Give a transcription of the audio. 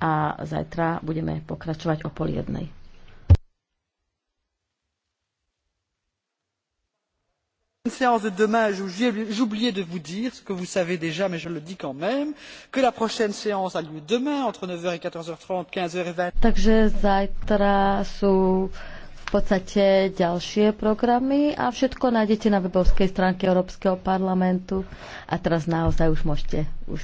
a zajtra budeme pokračovať o pol jednej. une séance de demain j'ai oublié de vous dire ce que vous savez déjà mais je le dis quand même que la prochaine séance a lieu demain entre 9 h et 14 h 30 15 h et 20 vingt. takže zajtra sú v podstate ďalšie programy a všetko nájdete na webovskej stránke Európskeho parlamentu a teraz naozaj už môžete už